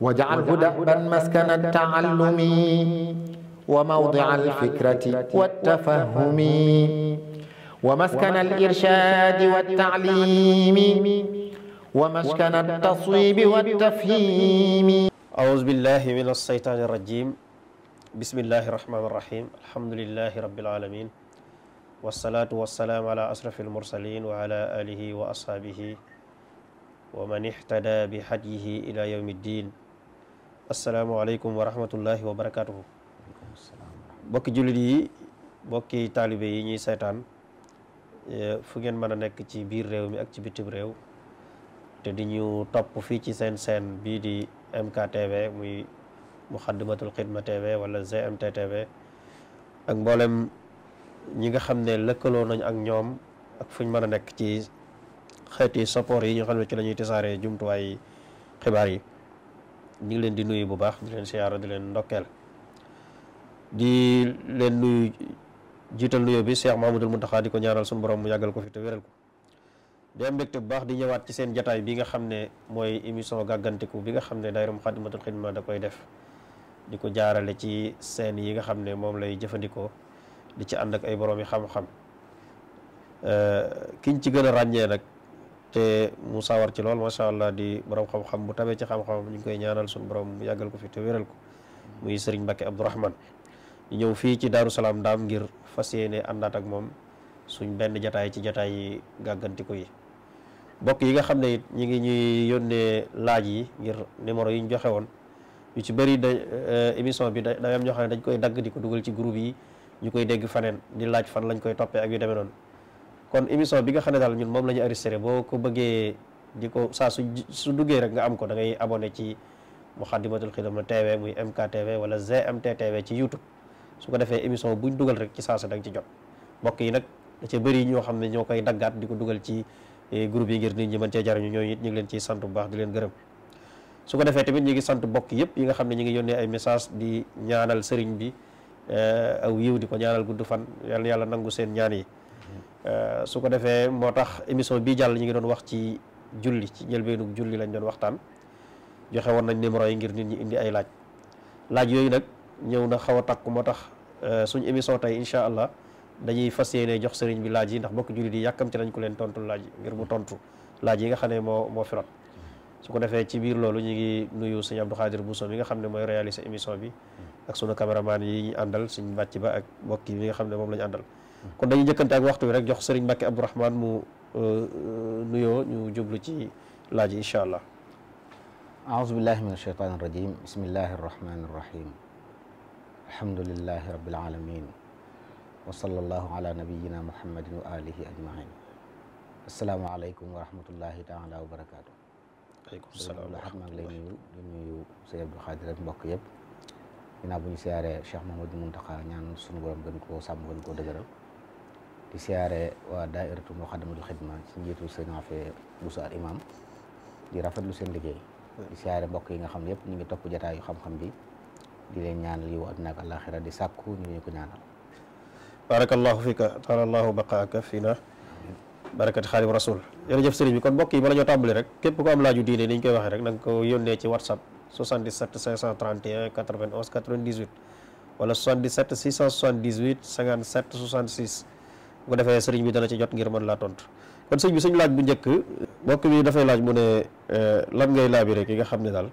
واجعله دأبا مسكن التعلم وموضع الفكرة والتفهم ومسكن الإرشاد والتعليم ومسكن التصويب والتفهيم أعوذ بالله من الشيطان الرجيم بسم الله الرحمن الرحيم الحمد لله رب العالمين والصلاة والسلام على أشرف المرسلين وعلى آله وأصحابه ومن اهتدى بهديه إلى يوم الدين asalaamaaleykum wa rahmatullahi wa barakaatuhu bokki jullit yi bokki taalibe yi ñuy seetaan e, fu ngeen mën a nekk ci biir réew mi ak ci bitim réew te di ñu topp fii ci seen seen bii di MKTV muy Muxaddamatul Xidma TV wala GMT ak mboolem ñi nga xam ne lëkkaloo nañ ak ñoom ak fuñ mën a nekk ci xeeti support yi ñu xam ne ci lañuy ñuy tasaare jumtuwaay xibaar yi ñu ngi leen di nuyu bu baax di leen siyaara di leen ndokkeel di leen nuyu jiital nuyoo bi seex Cheikh mu Muntaxa di ko ñaanal suñu borom mu yàggal ko fi te wéral ko di am mbégte bu baax di ñëwaat ci seen jataay bi nga xam ne mooy émission gàggantiku bi nga xam ne daayira Muxaddamatul Xidma da koy def di ko jaarale ci seen yi nga xam ne moom lay jëfandikoo di ci ànd ak ay boroomi xam-xam euh, kiñ ci gën a ràññee nag te mu sawar ci lool macha allah di borom xam-xam bu tabee ci xam-xam ñu ngi koy ñaanal suñu borom yàggal ko fi te wéral ko muy sëriñ Mbacke Abdourahman ñëw fii ci Daaru Salaam daam ngir fas yéene àndaat ak moom suñ benn jataay ci jataay yi gàggantiku yi bokk yi nga xam ne it ñi ngi ñuy yónnee laaj yi ngir numéro yi ñu joxe woon yu ci bëri da eh, émission bi day am ñoo xam ne dañ koy dagg di ko dugal ci groupe yi ñu koy dégg faneen di laaj fan lañ koy toppee ak yu demee noonu kon émission bi nga xam ne daal ñun moom la ñu boo ko bëggee di ko saa su su duggee rek nga am ko da ngay abonné ci Moukhaddamatoul Khidma TV muy MKTV wala GMT TV ci YouTube su ko defee émission buñ dugal rek ci saa su danga ci jot mbokk yi nag da bëri ñoo xam ne ñoo koy daggaat di ko dugal ci eh, groupe yi ngir nit ñi mën cee jariñu ñooñu it ñu ngi leen ciy sant bu baax di leen gërëm su ko defee tamit ñu ngi sant mbokk yëpp yi nga xam ne ñu ngi yónnee ay message di ñaanal sëriñ bi eh, aw yiw di ko ñaanal gudd fan yàlla yàlla nangu seen ñaan yi Euh, su ko defee moo tax émission bii jàll ñu ngi doon wax ci julli ci njëlbeenug julli lañ doon waxtaan joxe woon nañ numéro yi ngir nit ñi indi ay laaj laaj yooyu nag ñëw na xaw a takku moo tax euh, suñ émission tey incha allah dañuy fas yéene jox sëriñ bi laaj yi ndax bokk jullit di yàkkamte nañ ko leen tontu laaj yi ngir mu tontu laaj yi nga xam ne moo moo fi su ko defee ci biir loolu ñu ngi nuyu sëñ Abdou Khadir Bousso mi nga xam ne mooy réaliser émission bi ak sunu caméraman yi ñu àndal suñ bàcc ba ak mbokk yi nga xam ne moom la ñu àndal kon dañuy jëkkante ak waxtu bi rek jox Serigne Mbacke Abdourahmane mu euh, euh, nuyoo ñu jublu ci laaj yi incha allah. aouzu billahi min ashaytani irrajim bismillahi arrahmani irrahim alhamdulilahi rabil alamin wa sallallahu ala nabiyina muhammadin wa alihi ajmain asalaamaaleykum wa rahmatullahi taala wa barakaatu aleykum salaam wa rahmatullahi maa ngi lay nuyu di nuyu Sëñ Abdou Khadir ak mbokk yëpp ginnaaw bu ñu siyaaree Cheikh Mahamadou Mountakha ñaan sunu borom gën koo sàmm gën koo dëgëral di siyaare waa daairatu muqaddamatul xidma ci njiitu sëñ Afe Busu al imam di rafetlu seen liggéey siyaare mbokk yi nga xam ne yëpp ñu ngi topp jataayu xam-xam bi di leen ñaanal yiw àdduna ak àllaaxira di sàkku ñu ñu ko ñaanal barakallahu fika taala allahu baqaaka fina barakati xaadim rasul jërëjëf sëriñ bi kon mbokk bala ñoo tàmbali rek képp ko am laaju diine ni ñu koy waxee rek na ko yónnee ci whatsapp 77 531 91 98 bu defee sëriñ bi dana ci jot ngir mën laa tontu bi suñu laaj bu njëkk mbokk bi dafay laaj mu ne eh, lan ngay laabire ki nga xam ne daal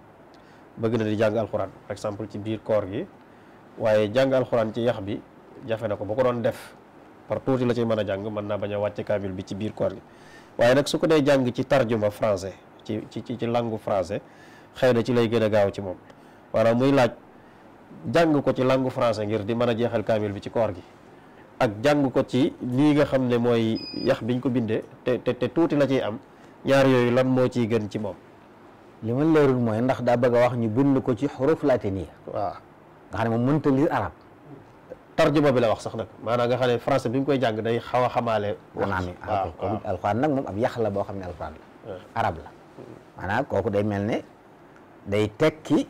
bëgg na di jàng alxuraan exemple ci biir koor gi waaye jàng alxuraan ci yax bi jafe na ko bu ko doon def par tuuti la ci mën a jàng mën naa bañ a wàcc kaamil bi ci biir koor gi waaye nag su ko dee jàng ci tarjuma francais ci ci ci langue français xëy na ci lay gën a gaaw ci moom maanaam muy laaj jàng ko ci langue français ngir di mën a jeexal kaamil bi ci koor gi ak jàng ko ci lii nga xam ne mooy yax biñ ko bindee te te te tuuti la ciy am ñaar yooyu lan moo ciy gën ci moom. li ma leerul mooy ndax daa bëgg a wax ñu bind ko ci xuruf latiniya. waaw nga xam ne moom mënta lire arab tarjuma bi la wax sax nag maanaam nga xam ne français bi ñu koy jàng day xaw a xamaale. wax waaw waaw alxuraan nag moom ab yax la boo xam ne alxuraan la. arab la maanaam kooku day mel ne day tekki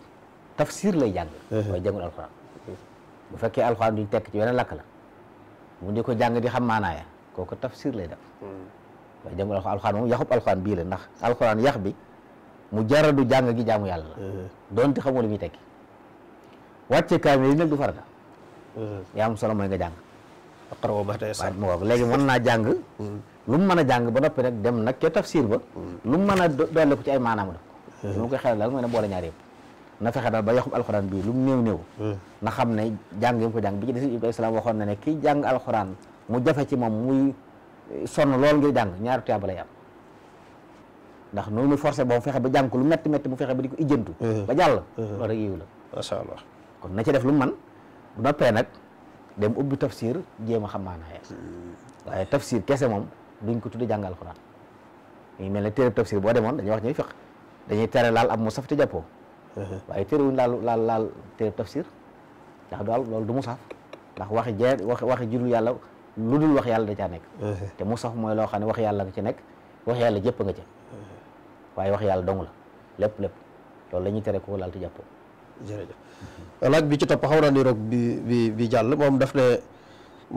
tafsir lay jàng. mooy jàngul alxuraan bu fekkee alxuraan tekk ci beneen lakk la. mu di ko jàng di xam maanaaya kooku tafsir lay def hmm. waaye jàngul alxuraan moom yaxub alxuraan bii la ndax alxuraan yax bi mu jaradu jàng gi jaamu yàlla la hmm. doonte xamoo li muy tekki wàcce kaamil yi nag du farata hmm. yaa am solo mooy nga jàng aqra ba tey sax waaw léegi mën naa jàng lu mu mën a jàng ba noppi nag dem nag ca tafsir ba lu mu mën a dolli ko ci ay maanaam def lu ma koy xelal daal mooy ne boole ñaar yëpp na fexe daal ba yaxum alxuraan bii lu mu néew néew hmm. na xam ne jàng yi mu ko jàng bi ci des Ibrahima salaam waxoon na ne kii jàng alxuraan mu jafe ci moom muy sonn lool ngir jàng ñaari tuyaaba ndax noonu forcé boobu fexe ba jàng lu metti metti mu fexe ba di ko ijjantu hmm. ba jàll hmm. loolu yiw la macha allah kon na ci def lum man bu noppee nag dem ubbi tafsir jéem a xam maanaam waaye tafsir kese moom duñ ko tudde jàng alxuraan ñu mel ne téere tafsir boo demoon dañuy wax ñuy fiq dañuy tere laal ab musaf te jàppoo waaye terewuñ laal laal laal te tafsir ndax daal loolu du musaaf ndax waxi jeer waxi waxi judul yàlla lu dul wax yàlla da caa nekk te musaaf mooy loo xam ne wax yàlla nga ci nekk wax yàlla jëpp nga ca waaye wax yàlla dong la lépp lépp loolu la ñuy tere ko laal te jàppoo jërëjëf laaj bi ci topp xaw naa ni roog bi bi bi jàll moom daf ne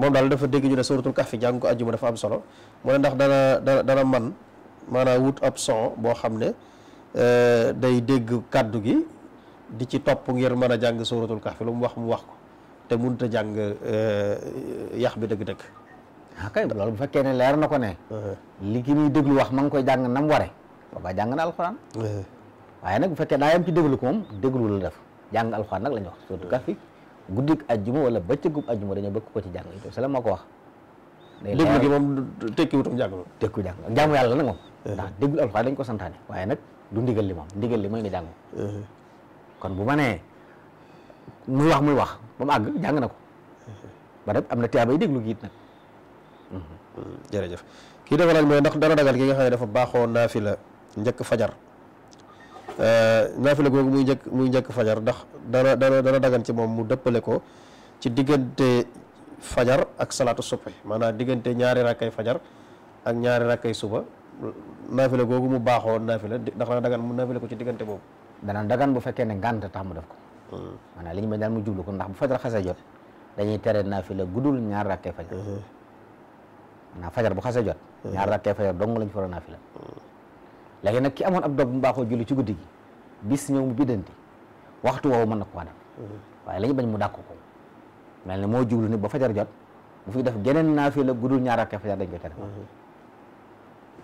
moom daal dafa dégg ñu ne suratul kahfi jàng ko àjjuma dafa am solo moo ne ndax dana dana dana man maanaam wut ab son boo xam ne Euh, day dégg kàddu gi di ci topp ngir mën a jàng suratul kahfi lu mu wax mu wax ko te mënut a jàng euh, yax bi dëgg-dëgg. ah loolu bu fekkee ne leer na ko ne. Euh. li ki muy déglu wax ma ngi koy jàng nam mu waree. boobaa jàng na alxuraan. waaye nag bu fekkee daa yam ci déglu ko moom déglu la def jàng alxuraan nag la ñuy wax suratul kahfi guddig ajjuma wala bëccëgub ajjuma dañoo bëgg ko ci jàng itam salaam moo ko wax. déglu gi moom tekkiwutum jàng. tekkiwu jàng jaamu yàlla nag moom. ndax déglu alxuraan dañ ko santaane waaye nag. du ndigal li moom ndigal li mooy mi jàng uh-huh. kon bu ma nee muy wax muy wax ba mu àgg jàng na ko uh-huh. ba nag am na tiyaabay déglu gi it nag uh-huh. jërëjëf kii dafa laaj mooy ndax dara dagal ki nga xam ne dafa baaxoo naafila njëkk fajar uh, naafila googu muy njëkk muy njëkk fajar ndax dana dana dagan ci moom mu dëppale ko ci diggante fajar ak salaatu subhi maanaam diggante ñaari rakkay fajar ak ñaari ay suba naafila googu mu baaxoo naafila ndax dana dagan mu naafila ko ci diggante boobu dana dagan bu fekkee ne ngànt tax mu def ko hmm. maanaam li ñu bañ daal mu jublu ko ndax bu fajar xasee jot dañuy tere naafila guddul ñaar rakkee fajar hmm. maanaam fajar bu xasee jot hmm. ñaar rakkee fajar lañ fa war a naafila nag ki amoon ab dog bu julli ci guddi gi bis ñëw mu biddanti waxtu woowu mën na ko waaye la bañ mu dàkk ko mel ne moo jublu ni ba fajar jot bu fi def geneen naafila gudul ñaar rakkee fajar dañ koy tere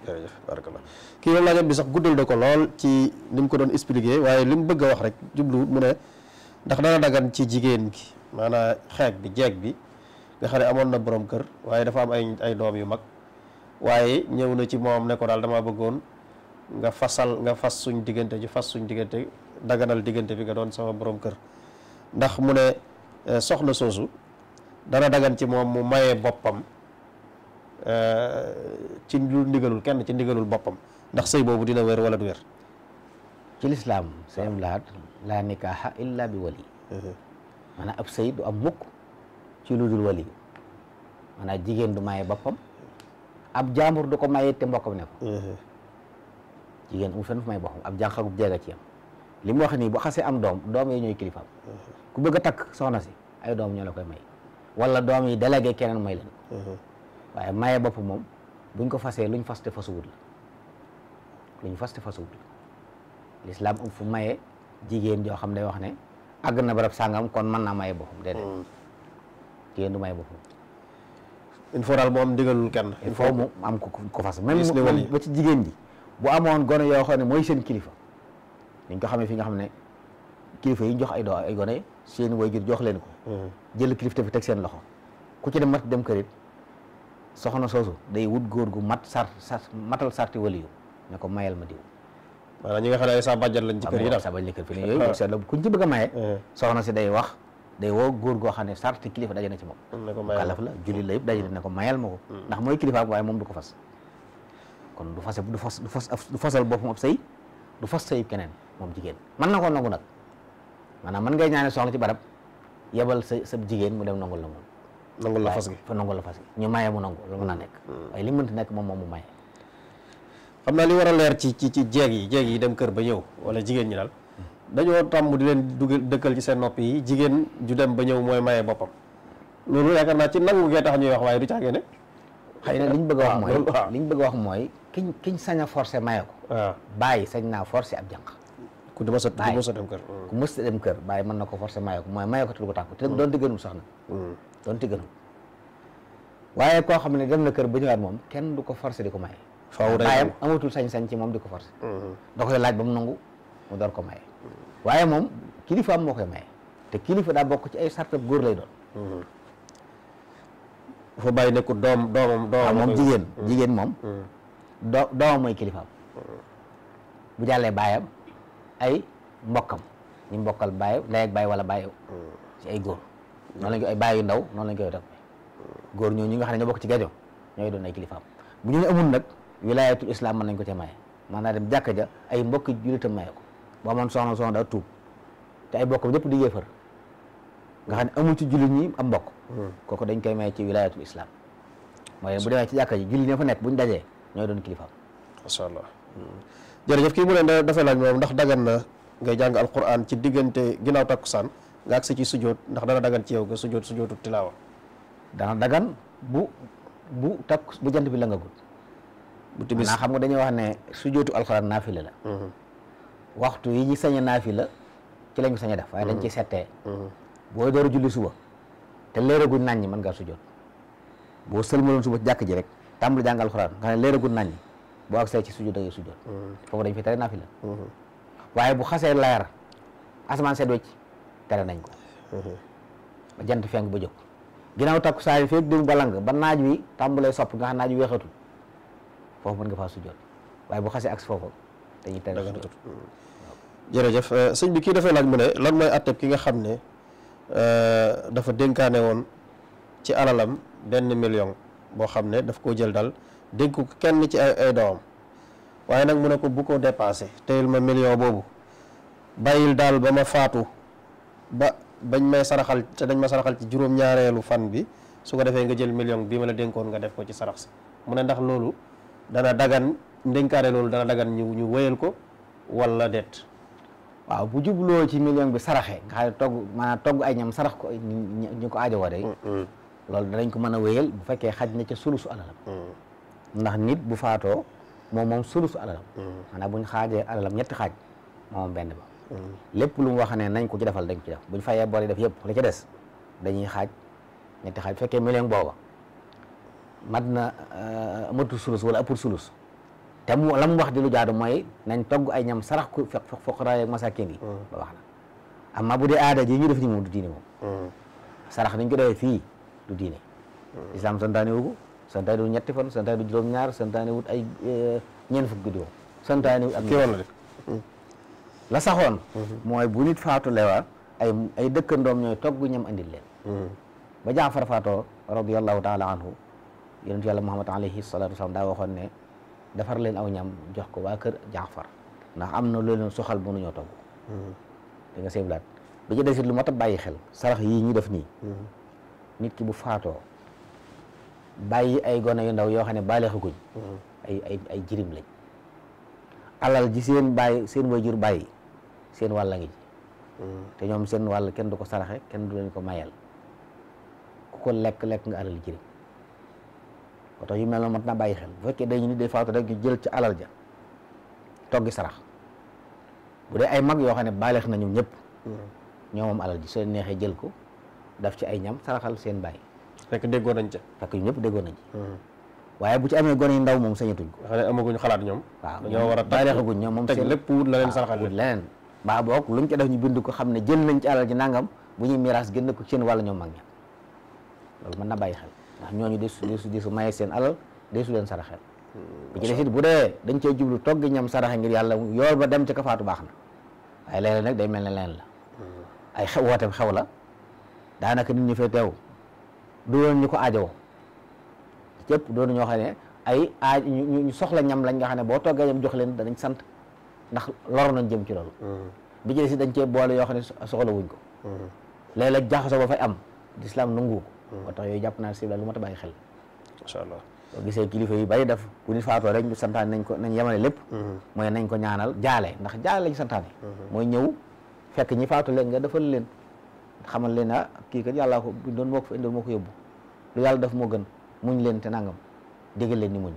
jërëjëf barakallah kii moom bi sax guddal na ko lool ci ni mu ko doon expliquer waaye li mu bëgg a wax rek jubluwut mu ne ndax dana daggan ci jigéen gi maanaam xeeg bi jeeg bi nga xam ne amoon na boroom kër waaye dafa am ay ay doom yu mag waaye ñëw na ci moom ne ko daal dama bëggoon nga fasal nga fas suñ diggante ji fas suñ diggante dagganal diggante bi nga doon sama boroom kër ndax mu ne eh, soxna soosu dana daggan ci moom mu maye boppam Euh, ci lu ndigalul kenn ci ndigalul boppam ndax sëy boobu dina wér wala du wér ci lislaam sëyam laat laa nikaaxa illa bi wali mhm. maanaam ab sëy du am mukk ci lu dul wali maanaam jigéen du maye boppam ab jaambur du ko maye te mbokkam ne ko mhm. jigéen amul fenn fu may boppam ab jànqakub jeega ci yam li mu wax ni bu xasee am doom doom yi ñooy mhm. ku bëgg a takk soxna si ay doom ñoo la koy may wala doom yi délégué keneen may leen waaye maye bopp moom buñ ko fasee luñ faste fasuwut la luñ faste fasuwut la lislaam am fu maye jigéen joo xam day wax ne àgg na barab sàngam kon man naa maye boppam déedéet hmm. jigéen du maye boppam il faut daal mu ndigalul kenn il faut mu am ko ko fas même ba ci jigéen ji bu amoon gone yoo xam ne mooy seen kilifa dañ ko xamee fi nga xam ne kilifa yi ñu jox ay doo ay gone seen waajur jox leen ko hmm. jël kilifa te fi teg seen loxo ku ci dem mat dem kërit soxna soosu day wut góor gu mat sar sar matal sarti waliyu ne ko mayal ma diw maanaam ñi nga xam ne sa bàjjan lañ ci yi daal sa bàjjan kër fi ne yooyu seetlu kuñ eh. wax day woo góor goo xam ne sarti kilifa daje na ci moom kalaf la julli la yëpp daje ne ko mayal ma ko hmm. ndax mooy kilifa waaye moom du ko fas kon du fase du fas du fas du fasal boppam ab sëy du fas sëy keneen moom jigéen mën na koo nangu nag maanaam mën ngay ñaane soxla ci barab yebal sa sa jigéen mu dem nangul la nangul la fas gi fa nangul ñu maye mu nangu lu mën a nekk hmm. waaye li mënti nekk moom moom mu maye xam naa li war a leer ci ci ci jeeg yi jeeg yi dem kër ba ñëw wala jigéen ñi daal hmm. dañoo tàmm di leen dugal dëkkal ci seen nopp yi jigéen ju dem ba ñëw mooy maye boppam loolu yaakaar naa ci nangu gee tax ñuy wax waaye du caagee ne xay na liñ bëgg a wax mooy bëgg wax mooy kiñ kiñ sañ a forcé maye ko ah. bàyyi sañ naa forcé ab jànq ku mës a dem hmm. ku mës dem kër bàyyi mën na ko forcé maye ko mooy maye ko te doonte gënam waaye koo xam ne dem na kër ba ñëwaat moom kenn du ko forcé di ko maye. faaw baayam amatul sañ-sañ ci moom di ko forcé. Mm-hmm. da koy laaj ba mu nangu mu door ko maye. waaye moom kilifa am moo te kilifa daa bokk ci ay sartab góor lay doon. Mm-hmm. foo ah, jigéen mm-hmm. jigéen moom. doo doomam kilifaam. bu jàllee baayam ay mbokkam ñu mbokkal baay ndey wala baay ay góor. noonu lañ ko ay bàyyi ndaw noonu lañ koy def góor ñoo ñi nga xam ne ñoo bokk ci gajo ñooy doon ay kilifaam bu ñu ne amul nag wilaayatul islam mën nañ ko ca maye maanaam dem jàkka ja ay mbokki jullitam maye ko boo amoon soxna soxna daa tuub te ay bokkam ñëpp di yéefar nga xam ne amul ci jullit ñi am mbokk hmm. kooku dañ koy maye ci wilaayatul islam mooy bu demee ci jàkka ji jullit ñi fa nekk bu ñu dajee ñooy doon kilifaam macha allah hmm. jërëjëf kii mu ne dafay laaj moom ndax dagan na ngay jàng alquran nga agsi ci sujjoot ndax dana dagan ci yow nga sujjoot sujjootu tilaawa dana dagan bu bu takk bu jant bi la nga gut bu timis naa xam nga dañuy wax ne sujjootu alxuraan naafila la mhm. waxtu yi ñu sañ a naafila ci lañu sañ a def waaye dañ mhm. ci settee mhm. boo door julli suba te leeraguñ nañ ñi mën ngaa sujjoot boo sëlmaloon suba jàkk ji rek tàmbali jàng alxuraan nga ne leeraguñ nañ ñi boo agsee ci sujjoot da ngay sujjoot foofu dañ fi tere naafila waaye bu xasee leer asamaan seet wecc tere nañ ko ba jant fenk ba jóg ginnaaw takku saa yi feeg dégg ba lang ba naaj wi tàmbalee sopp nga xam naaj wi weexatul foofu mën nga faa xasee ak foofu dañuy tere sujjoot jërëjëf euh, sëñ bi kii defee laaj mu ne lan mooy atteb ki nga xam ne euh, dafa dénkaane woon ci alalam benn million boo xam ne daf koo jël daal dénk ko kenn ci ay ay waaye nag mu ne ko bu ko dépassé teyil ma million boobu bàyyil daal ba ma faatu ba bañ may saraxal dañ ma saraxal ci juróom-ñaareelu fan bi su ko defee nga jël million bi ma la dénkoon nga def ko ci sarax si mu ne ndax loolu dana dagan ndénkaane loolu dana dagan ñu ñu wéyal ko wala déet waaw bu jubloo ci million bi saraxee nga xam ne togg ay ñam sarax ko ñu ko aajo ware mm, mm. loolu danañ ko mën a wéyal bu fekkee xaj na ca sulusu alalam mm. ndax nit bu faatoo moom moom sulusu alalam maanaam bu xaajee alalam ñetti xaaj moom benn ba lépp lu mu wax ne nañ ko ci defal dañ ko ci def buñ fayee bor yi def yëpp li ci des dañuy xaaj ñetti xaaj fekkee million booba mat na euh, matul sulus wala ëppul sulus te mu la wax di lu jaadu mooy nañ togg ay ñam sarax ku fekk fuqaraa ak masaakin yi mm. ba wax na amma bu dee aada ji ñu def ni moom du diine moom mm. sarax niñ ko defee fii du diine mm. islam santaane wugu santaane wu ñetti fan santaane wu juróom ñaar santaane wut ay euh, ñeent fukk guddi ak la saxoon mooy bu nit faatu lewa ay ay dëkkandoom ñooy togg ñam andil leen ba jaafar faatoo radiallahu taala anhu yonentu yàlla muhammad alayhi salatu daa waxoon defar leen aw ñam jox ko waa kër jaafar ndax am na loolu leen soxal mënuñoo togg di nga seeblaat bi ci desit lu mat a bàyyi xel sarax yii ñu def nii nit ki bu faatoo bàyyi ay gone yu ndaw yoo xam ne bàyleexaguñ ay ay ay jirim lañ alal ji seen bàyyi seen wajur bàyyi seen wàll ngi ci mm. te ñoom seen wàll kenn du ko saraxe kenn du leen ko mayal ku ko lekk-lekk nga alal jëriñ moo tax yu mel noonu mat naa bàyyi xel bu fekkee dañu nit day faatu rek ñu jël ci alal ja toggi sarax bu dee ay mag yoo xam ne baaleex na mm. ñoom ñëpp ñoo moom alal ji soo neexee jël ko daf ci ay ñam saraxal seen bàyyi fekk déggoo nañ ca fekk ñëpp déggoo nañ ci mm. waaye bu ci amee gone yi ndaw moom sañatuñ ko xale amaguñ xalaat ñoom ñoo moom teg lépp wut la leen saraxal leneen mbaa boog lu mu ci def ñu bind ko xam ne jël nañ ci alal ji nangam bu ñu miraas gën ko seen wàll ñoom mag ña loolu mën na bàyyi xel ndax ñooñu desu desu maye seen alal desu leen saraxel bu ci bu dee dañ cee jublu togg ñam saraxe ngir yàlla yool ba dem ci kafaatu baax na waaye léeg nag day mel ne leen la ay xew woote xew la daanaka nit ñu fee teew ñu ko aajowoo cëpp doonu ñoo xam ne ay aaj ñu soxla ñam lañ nga xam ne boo toggee ñam jox leen danañ sant ndax lor nañ jëm ci loolu hmm. bi ci si dañ cee boole yoo xam ne soxla ko hmm. léeg-léeg jaxasoo ba fay am lislaam nangu ko hmm. tax yooyu jàpp naa si la lu mat a bàyyi xel macha allah boo gisee kilifa yu bari def bu nit faatoo ñu santaane nañ ko nañ yemale lépp mooy nañ ko ñaanal jaale ndax jaale lañ santaane mooy ñëw fekk ñi faatu leen nga defal leen xamal leen ah kii kat yàllaa ko doon moo ko fa indoon moo ko yóbbu lu yàlla def moo gën muñ leen te nangam déggal leen ni muñ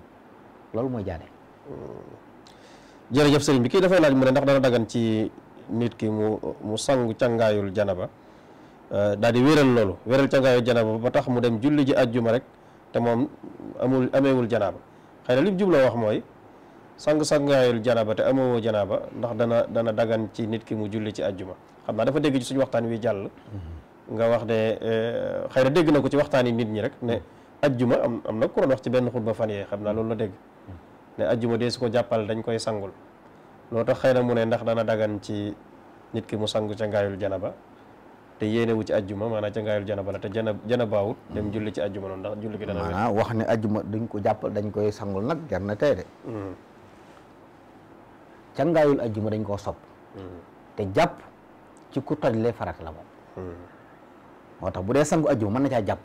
loolu mooy jaale jërëjëf sëriñ bi kii dafay laaj mu ne ndax dana dagan ci nit ki mu mu sangu cangaayul janaba euh, daal di wéral loolu wéral cangaayul janaba ba tax mu dem julli ji ajjuma rek te moom amul ameewul janaba xëy na li mu wax mooy sang-sangaayul janaba te ameewoo janaba ndax dana dana dagan ci nit ki mu julli ci ajjuma xam naa dafa dégg ci suñu waxtaan wi jàll mm-hmm. nga wax ne euh, xëy na dégg na ko ci waxtaan yi nit ñi rek ne mm-hmm. ajjuma am am na ku doon wax ci benn ba fan yee xam naa loolu la dégg ne ajjuma dee su ko jàppal dañ koy sangul loo tax xëy na mu ne ndax dana dagan ci nit ki mu sangu ca ngaayul ba te yéenewu ci ajjuma maanaam ca ngaayul janaba la te jana jana baawut dem julli ci ajjuma noonu ndax julli gi dana maanaam wax ne ajjuma dañ ko jàppal dañ koy sangul nag jar na tey de hmm. ca ngaayul ajjuma dañ koo sopp hmm. te jàpp ci ku toj lee la hmm. moo tax bu dee sangu ajjuma mën na caa jàpp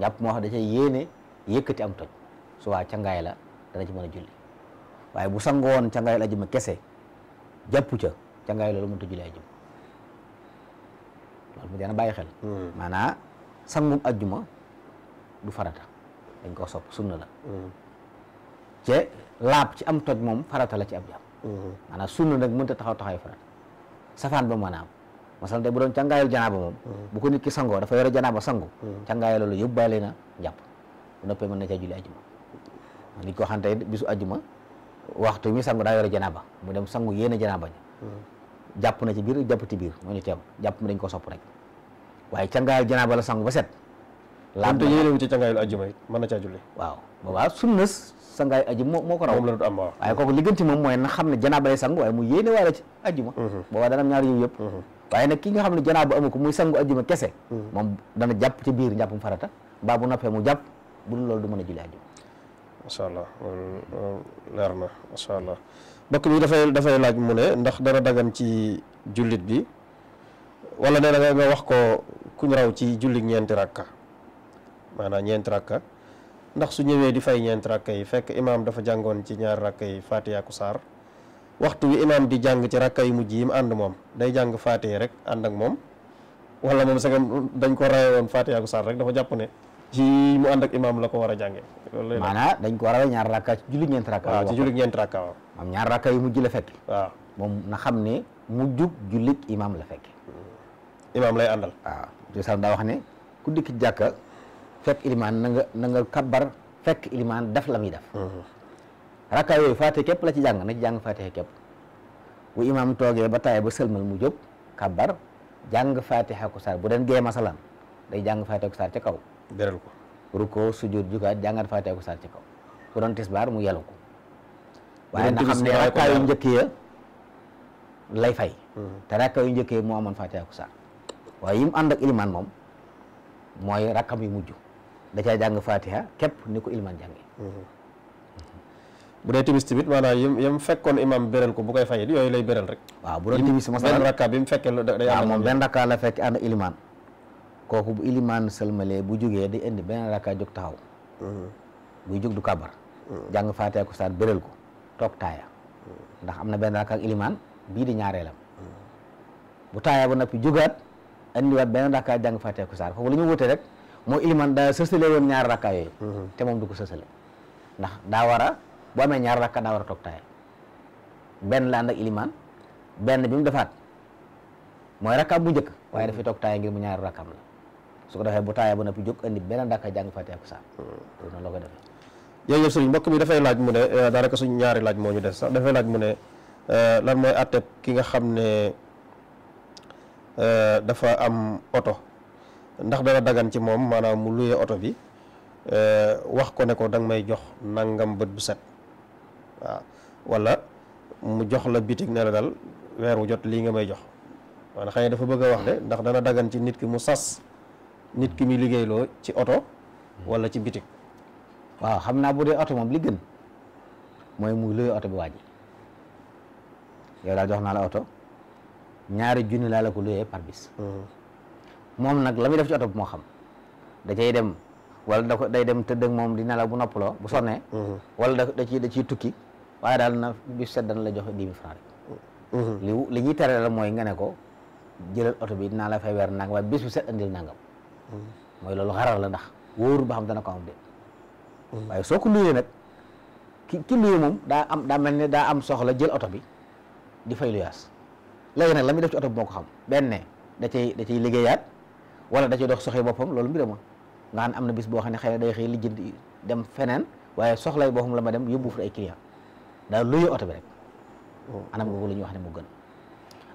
jàpp moo da cay yéene yëkkati am toj su waa ca la dana ci mën a julli waaye bu sangoon cangaayul ajjuma kese jàpp ca cangaay loolu mënut a julli ajjuma loolu bàyyi xel hmm. maanaa sangum ajjuma du farata dañ koo sopp sunna la ce hmm. ci am toj moom farata la ci ab jàmm hmm. maanaam sunna nag mënut a taxaw taxaw farata safaan ba maanaam masal tey bu doon cangaayul janaaba moom bu ko nit ki sangoo dafa yore janaaba sangu cangaay loolu yóbbaale na jàpp bu noppee mën na caa julli ajjuma nit ko xam tey bisu ajjuma waxtu mi sangu daa yore janaaba mu dem sangu yéene janaaba hmm. jàpp na ci biir jàppati biir moo ñu teem jàpp mi ko sopp rek waaye cangaayal janaaba la sangu ba set laam te yéene wu ci cangaayal ajjuma na caa waaw boobaa sunnas sangaay ajjuma moo ko raw moom la du am waaw waaye kooku ligganti moom mooy na xam ne janaaba lay sangu waaye mu yéene waale ci ajjuma hmm. boobaa dana hmm. waaye nag ki nga xam ne janaaba amu muy sangu ajjuma kese moom dana jàpp ci biir njàppum farata mbaa bu noppee mu jàpp bu dul loolu du mën a julli ajjuma macha allah loolu leer na macha allah mbokk mi dafay dafay laaj mu ne ndax dana dagan ci jullit bi wala nee na nga wax ko kuñ raw ci jullit ñeenti rakka maanaam ñeenti rakka ndax su ñëwee di fay ñeenti rakka yi fekk imaam dafa jàngoon ci ñaari rakka yi Fatiha saar waxtu wi imaam di jàng ci rakka yu mujj yi mu ànd moom day jàng Fatiha rek ànd ak moom wala moom sax dañ ko rawee woon Fatiha ku saar rek dafa jàpp ne ci mu ànd ak imaam la ko war a jàngee. loolu maanaam dañ ko war a ñaar rakka ci julli ñeent rakka waaw ci julli ñeent rakka waaw moom ñaar rakka yu mujj la fekk moom na xam ne mujjub jullik imaam la fekk imaam lay àndal waaw sax daa ne ku dikk jàkka fekk ilimaan na nga na fekk ilimaan def la muy def mhm. rakka yooyu faate képp la ci jàng na ci jàng faate kepp bu imaam toogee ba taay ba sëlmal mu jóg kabbar jàng faatiha ko saar bu den gee masalan day jàng faatiha ko saar ca kaw beral ko ruko sujud jukaat jàngat faatee ko saat ci kaw bu doon tisbaar mu yelu ko waaye na xam ne rakkaa yu njëkk ya lay fay hmm. te rakka yu njëkk ya moo amoon faatee ko waaye yi mu ànd ak ilimaan moom mooy rakkam yu mujj da caa jàng fatiha képp ni ko ilimaan jàngi hmm. bu dee timis tamit maanaam yam fekkoon imam beral ko bu koy yooyu lay beral rek waaw bu doon timis masalan benn rakka bi mu fekkee day moom benn rakka la fekk ànd ilimaan kooku bu ilimaan sëlmalee bu jugee di indi benn rakka jóg taxaw buy jóg du kabar jàng faatee ko saat ko toog taaya ndax am na benn rakka ak ilimaan bii di ñaareelam bu taaya ba noppi jógaat indiwaat benn rakka jàng faatee ko saat foofu li rek mooy ilimaan daa ñaar rakka yooyu te moom du ko sësale ndax daa war a boo amee ñaar rakka daa war a toog taaya benn la ànd ak ilimaan benn bi mu defaat mooy rakkaam bu njëkk waaye dafay toog taaya ngir mu ñaari rakkaam la su ko defee bu taayee ba noppi jóg indi beneen dàkka jàng fàtte ak saar noonu hmm. la ko defee jërëjëf sëriñ mbokk mi dafay laaj mu ne eh, daanaka suñu ñaari laaj moo ñu des sax dafay laaj mu ne eh, lan mooy àtteb ki nga xam ne eh, dafa am oto ndax dana dagan ci moom maanaam mu luyee oto bi wax ko ne ko danga may jox nangam bët bu set waaw wala mu jox la bitig ne la dal weer wu jot lii nga may jox maanaam xëy na dafa bëgg a wax de ndax dana dagan ci nit ki mu sas nit ki muy liggéeyloo ci oto wala ci bitik waaw xam naa bu dee oto moom li mooy mu luye oto bi waaj yow daal jox naa la oto ñaari junni laala ko luyee par bis hmm. moom nag la muy def ci oto bi moo xam da cay dem wala da ko day dem tëdd ak moom di nelaw bu noppaloo bu sonnee hmm. wala da ciy da ciy tukki waaye daal na bi set la jox dix mille hmm. li li ñuy tere la mooy nga ne ko jëlal oto bi dinaa la fay weer nangam waaye bis bu set andil nangam mooy loolu xaral la ndax wooru ba xam dana ko am de waaye soo ko luyee nag ki ki luyee moom daa am mel ne daa am soxla jël oto bi di fay luyaas léegi nag la def oto bi xam benn da da cay liggéeyaat wala da cay dox boppam loolu mbir ma nga ne am na bis boo xam ne xëy na day xëy lijjanti dem feneen waaye boo boppam la ma dem yóbbu fa ay client bi rek mm. anam googu la ñuy wax ne mu gën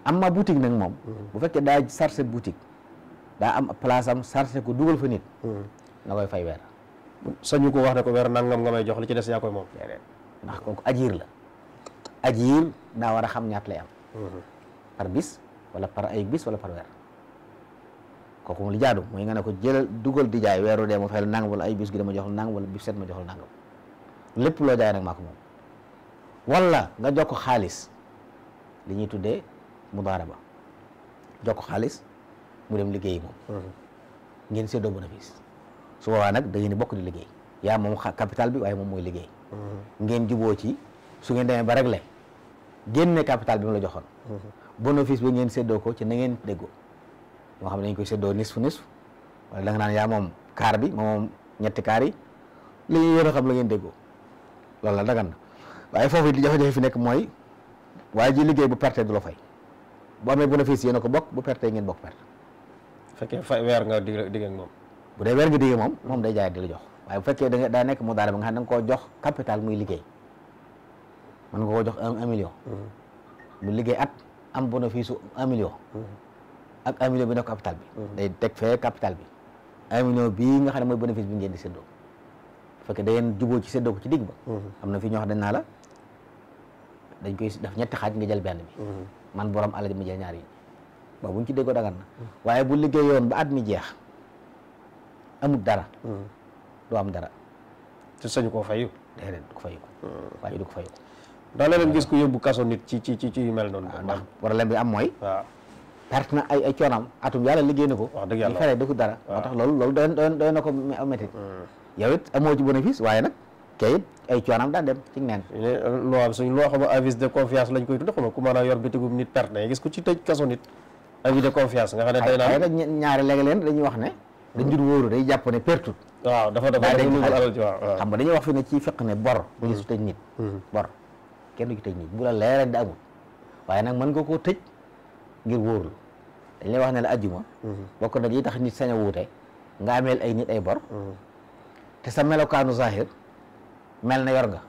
am ma boutique nag moom mm. bu fekkee daa chargé boutique daa am place am chargé ko dugal fa nit. Hmm. na koy fay weer. sañu ko wax ne ko weer nangam nga may jox li ci des yaa koy moom. ndax kooku ajiir la. ajiir daa war a xam ñaat lay am. Hmm. par bis wala par ay bis wala par weer. kooku li mooy nga ne ko jëlal dugal di jaay weeru dee ma fayal nangam wala ay bis gi dama jox la nangam wala bis lépp loo jaay nag maa ko moom. wala nga jox ko xaalis li ñuy tuddee mudaaraba jox ko xaalis. mu dem liggéeyi moom. Mhm. ngeen séddoo bénéfice. su boobaa nag da ngeen bokk di liggéey yaa moom capital bi waaye moom mooy liggéey. Mhm. ngeen juboo ci su ngeen demee ba le génne capital bi mu la joxoon. Mhm. bénéfice bi ngeen seddoo ko ci na ngeen déggoo. moo xam ne dañ koy séddoo nisfu nisfu wala da nga naan yaa moom kaar bi moom ñetti kaar yi li ñu xam la ngeen déggoo loolu la dagan na waaye foofu it jafe-jafe fi nekk mooy waaye ji liggéey bu perte du la fay bu amee bénéfice a ko bokk perte ngeen bokk perte. bu fekkee fay weer nga digg ak moom moom moom day jaay di la jox waaye bu fekkee da nekk mu daara ba nga xam nga jox capital muy liggéey mën nga koo jox un million mu mm-hmm. liggéey at am bénéfice su un million mm-hmm. ak un million bi nekk capital bi mm-hmm. day teg fee capital bi un bii nga xam ne mooy bénéfice bi ngeen di séddoo bu fekkee da ngeen juboo ci séddoo ko ci digg ba am na fi ñoo xam naa la dañ koy def ñetti xaaj nga jël benn bi man borom alal bi jël ñaar yi waaw buñ ci déggoo dagan waaye bu liggéeyoon ba at mi jeex amul dara du am dara te sañu ko fayu ko hmm. waaye du ko fayu ko ndax leneen gis ku yóbbu kaso nit ci ci ci ci mel noonu ah, ndax problème bi am mooy waaw na ay ay coonam atum yàlla liggéey na ko wax dëgg yàlla feree defu dara moo tax loolu loolu doy doy na ko métti hmm. yow it amoo ci bénéfice waaye nag kay it ay coonam daan dem ci neen euh, loo am suñ loo xam avis de confiance lañ koy tudde xam ku mën a yor bitigum nit perte na gis ku ci tëj kaso avis de confiance nga xam ne day naan ñaari léegi leen dañuy wax ne hmm. dañ jur wóoru day jàpp ne pertut waaw dafa xam nga dañuy wax fi ne ci fiq ne bor bu hmm. su tëj nit hmm. bor kenn du ci tëj nit bu la leeral di amul waaye nag mën nga koo tëj ngir wóorul dañ lay wax ne la ajjuma bokk na yi tax nit sañ a wuute nga ameel ay nit ay bor te sa melokaanu zahir mel na yor nga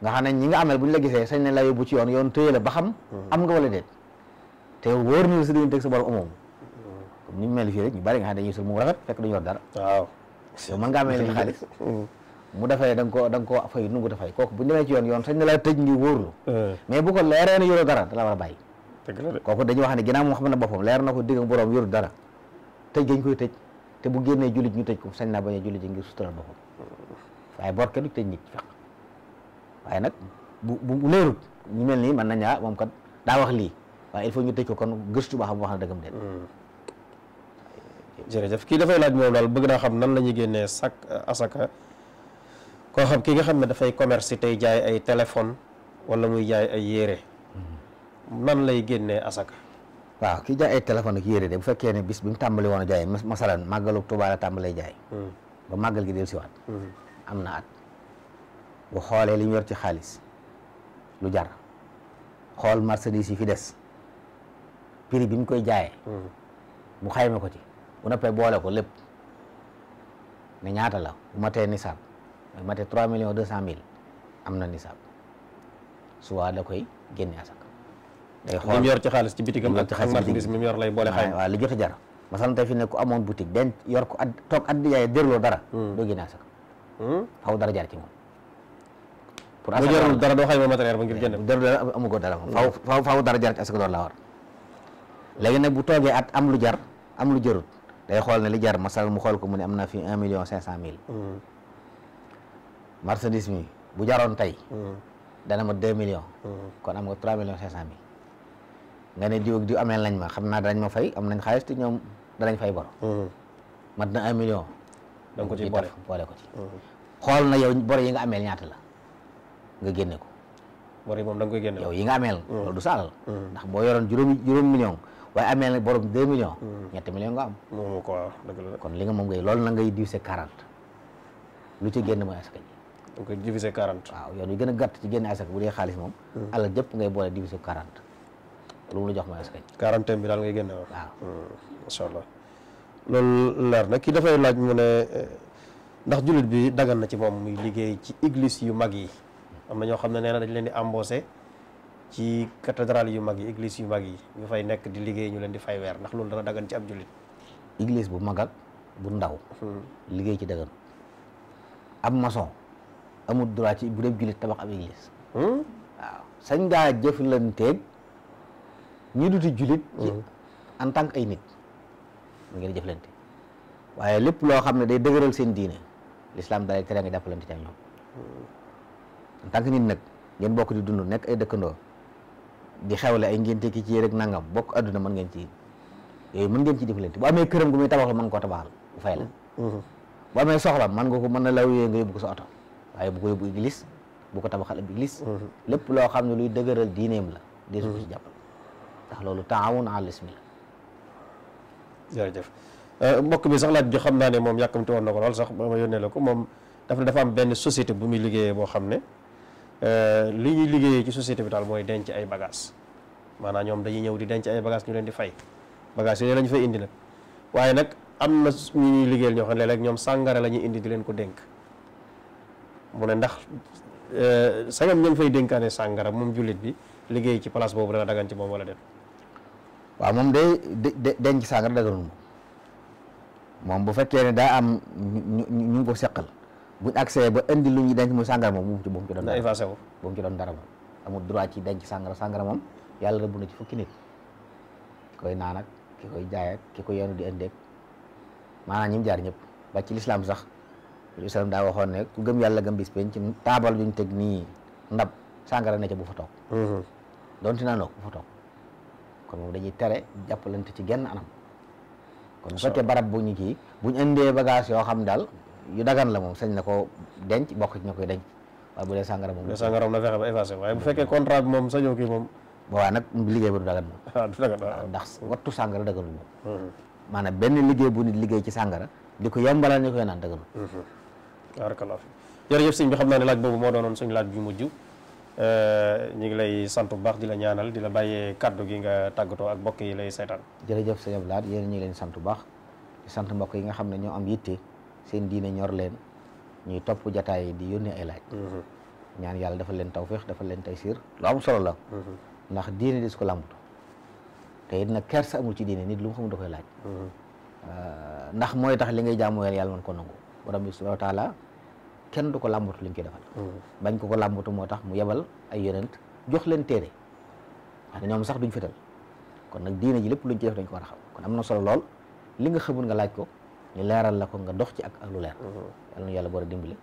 nga xam ne ñi nga amel bu ñu la gisee sañ ne la yóbbu ci yoon yoon téye la ba xam am nga wala déet te wóor na la sa diggante ak sa borom amoom comme ni mel fii rek ñu bari nga xam ne dañuy sol mu rafet fekk duñu yor dara waaw yow mu defee da nga koo da nga koo fay nu mu dafay kooku bu ñu ci yoon yoon sañ na la tëj ngi wóorlu eh. mais bu ko leeree ne yoroo dara da la war a bàyyi kooku dañuy wax ne ginnaaw moom xam na boppam leer na ko digg borom yoru dara tëj gañ koy tëj te bu génnee jullit ñu tëj ko sañ naa bañ a jullit ji ngir sutural boppam waaye bor kenn du tëj nit fekk waaye nag bu bu leerut ñu mel nii mën nañaa ah, moom kat daa wax lii waaye il faut ñu tëj ko kon gëstu ba xam wax na dëggam déet kii dafay laaj moom daal bëgg naa xam nan la ñuy génnee sac euh, asaka koo xam kii nga xam ne dafay commerce tey jaay ay téléphone wala muy jaay ay yére hmm. nan lay génnee asaka waaw kii jaay ay téléphone ak yére de bu fekkee ne bis bi mu tàmbali woon a jaay masalaan màggalu Tuubaa la tàmbalee jaay hmm. ba màggal gi del siwaat hmm. am na at bu xoolee li ñu yor ci xaalis lu jar xool marchandise yi fi des prix bi ñu koy jaayee. Hmm. mu xayma ko ci bu noppee boole ko lépp ne ñaata la bu matee nisaab bu matee trois millions deux cent mille am na nisaab suwaa da koy génne asak. day xool lim yor ci xaalis ci bitigam ak marchandise mi yor lay boole xayma li jot a jar. masalan tey fi ne ku amoon boutique den yor ko at toog at di jaay dérloo dara. Hmm. doo génne asak. Hmm? faw dara jar ci moom. pour asak doo xayma matériel ba ngir jënd. dara amugoo dara moom. faw faw dara jar ci asak léegi nag bu toogee at am lu jar am lu jarut day xool na li jar masal mu xool ko mu ne am na fi un million cinq cent mille mm. marchandise mi bu jaroon tey mm. dana ma deux million mm. kon am nga trois millions cinq cent mille nga ne diw ak diw ameel nañ ma xam naa danañ ma fay am nañ xaalis te ñoom danañ fay bor mat na un million danga ko ci boole boole ko ci xool na yow bor yi nga ameel ñaata la nga génne ko bor yi moom da nga koy génne yow yi nga ameel loolu du sa ndax boo yoroon juróom juróom million waaye amee nag borom 2 millions. Hmm. ñetti millions nga am. moom quoi dëgg la. kon li nga moom ngay loolu na ngay diviser 40 lu ci génn mooy asaka ji. donc diviser 40. waaw yoon yu gën a gàtt ci génn asaka bu dee xaalis moom. Hmm. alal jëpp ngay boole diviser 40 lu mu la jox mooy asaka ji. 40 bi daal ngay génn waaw. Hmm, macha allah loolu leer na kii dafay laaj mu ne eh, ndax jullit bi dagan na ci moom muy liggéey ci église yu mag yi am na ñoo xam ne nee na dañ leen di embauché. ci cathédrale yu mag yi église yu mag yi ñu fay nekk di liggéey ñu leen di fay weer ndax loolu dana dagan ci ab jullit église bu mag bu ndaw hmm. liggéey ci dagan ab maçon amul droit ci bu dee jullit tabax ab église hmm? waaw sañ daa jëflanteeg ñi duti jullit ci hmm. en tant que ay nit ngeen jëflante waaye lépp loo xam ne day dëgëral seen diine l'islam daal tere nga jàppalante ci ñoom en tant nit nag ngeen bokk di dund nekk ay dëkkandoo di xewle ay ngénte ki ci rek nangam bokk adduna mën ngeen ci yooyu mën ngeen ci dimbalante bu amee këram gu muy tabax la mën koo tabaxal fay la mm-hmm. soxla mën nga ko mën na law yooyu nga yóbbu waaye bu ko yóbbu église bu ko tabaxal ab église mm-hmm. lépp loo xam ne luy dëgëral diineem la dee su ko ci mm-hmm. jàppal ndax loolu taawun al ismi la jërëjëf euh, mbokk bi sax laaj jo xam naa ne moom yàkkamti woon na ko loolu sax ba ma yónnee la ko moom dafa ne dafa am benn société bu muy liggéeyee boo xam ne Euh, li ñuy liggéeyee ci société bi daal mooy denc ay bagages maanaa ñoom dañuy ñëw di denc ay bagages ñu leen di fay bagages yooyu la ñu fay indi nag waaye nag am na ñu ñoo xam ne léeg ñoom sàngara la indi di leen ko dénk mu ndax euh, sagam ña ngi fay dénkaane sàngara moom jullit bi liggéey ci place boobu dana dagan ci moom wala déet. waaw moom day denc sàngara daganul moom bu fekkee ne daa am ñu ñu ko seqal. buñ accès ba indi lu ñuy denc mu sàngara moom moom ci bu mu ci doon dara bu mu ci doon dara moom amul droit moom yàlla rëbb na ci fukki nit ki koy naan ak ki koy jaayak ki ko yenu di indi ak maanaam ñi jaar ñëpp ba ci lislaam sax lislaam daa waxoon ne ku gëm yàlla gëm bis ci taabal juñ teg nii ndab sàngara ne ca bu fa toog mm-hmm. doon ti naanoo bu fa kon moom dañuy tere jàppalante ci genn anam kon bu fekkee barab bu ñu kii buñ indee bagage yoo xam daal yu dagan la moom sañ na ko denc bokk ci ñu koy denc waaye bu dee sàngara moom. bu dee sàngara moom la fexe ba effacé waaye bu fekkee contrat bi moom sañoo kii moom. waaw nag liggéey ba du dagan moom. Ah, ah. ndax wattu sàngara daganul moom. Hmm. maanaam benn liggéey bu nit liggéey ci sàngara di ko yombalal ñu koy naan daganul. Hmm, hmm. barakallah jërëjëf sëñ bi xam naa ne laaj boobu moo doonoon suñu laaj bi mujj euh, ñu ngi lay sant bu baax di la ñaanal di la bàyyee kàddu gi nga tàggatoo ak mbokk yi lay seetaan. jërëjëf sëñ laat yéen ñu ngi leen sant bu baax di sant mbokk yi nga xam ne ñoo am yitte seen diine ñor leen ñuy topp jataay yi di yónnee ay laaj mhm. ñaan yàlla defal leen tawféex defal leen taysiir lu am solo la mhm. ndax diine dis ko làmbatu te it nag kersa ci diine nit lu mu xamul da koy mhm. euh, ndax mooy tax li ngay jaamu yàlla man ko nangu borom bi subhanahu wa taala kenn du ko làmbatu li ñu koy defal bañ ko ko làmbatu moo tax mu yebal ay yonent jox leen téere wax ñoom sax duñ fetal kon nag diine ji lépp luñ ci def dañ ko war xam kon am na solo lool li nga xamul nga laaj ko ñu leeral la ko nga dox ci ak ak lu leer mhm. yàlla nu yàlla boole dimbali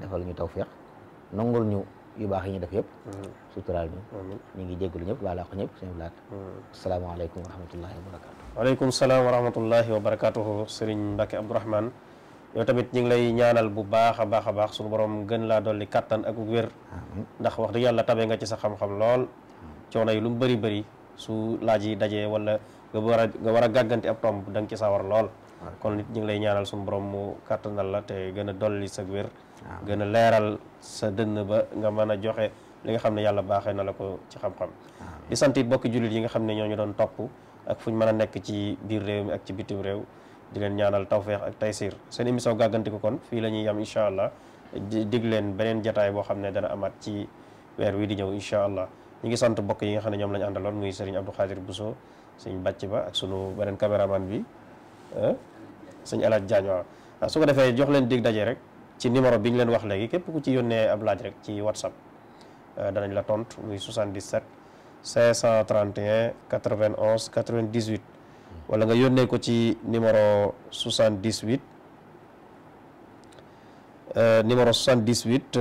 defal ñu tawfeex nangul ñu yu baax yi ñu def yëpp mhm. suturaal ñu ñu ngi lu ñëpp baala ko ñëpp suñu blaat mhm. asalaamaaleykum wa rahmatullahi salaam wa rahmatullahi wa barakatuhu sëriñ Mbacke Abdourahmane yow tamit ñu ngi lay ñaanal bu baax a baax a baax suñu borom gën laa dolli kattan ak wér ndax wax dëgg yàlla tabe nga ci sa xam-xam lool coono yi lu mu bari bëri su laaj yi dajee wala nga war a nga war a gàggante ab tomb da nga ci sawar lool kon nit ñu ngi lay ñaanal suñu borom mu kàttanal la te gën a dolli sa wér gën a leeral sa dënn ba nga mën a joxe li nga xam ne yàlla baaxee na la ko ci xam-xam di sant it bokki jullit yi nga xam ne ñoo ñu doon topp ak fu mën a nekk ci biir réew mi ak ci bitim réew di leen ñaanal tawfeex ak taysir seen émission gàgganti ko kon fii la ñuy yam incha allah dig leen beneen jataay boo xam ne dana amaat ci weer wi di ñëw incha allah ñu ngi sant bokk yi nga xam ne ñoom lañu àndaloon muy Serigne Abdou Khadir Bousso Serigne Bàcc ba ak sunu beneen caméraman bi sëñ alaaj jaañ waaw su ko defee jox leen dig daje rek ci numéro bi ñu leen wax léegi képp ku ci yónnee ab laaj rek ci whatsapp euh, danañ la tont muy 77 531 91 98 wala nga yónnee ko ci numéro 78 euh, numéro 78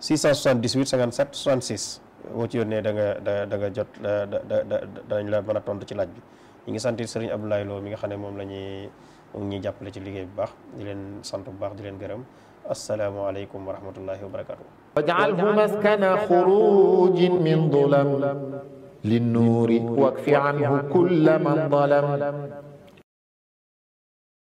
678 57 66 boo ci yónnee da nga da da nga jot da da da dañ la mën a tontu ci laaj bi. ñi ngi santit sëriñ Abdoulaye Lo mi nga xam ne moom la ñuy ñuy jàppale ci liggéey bu baax di leen sant bu baax di leen gërëm asalaamualeykum wa rahmatullahi wa barakatu waj'alhu maskana xurujin min dulam linnuuri wakfi anhu kulla man dalam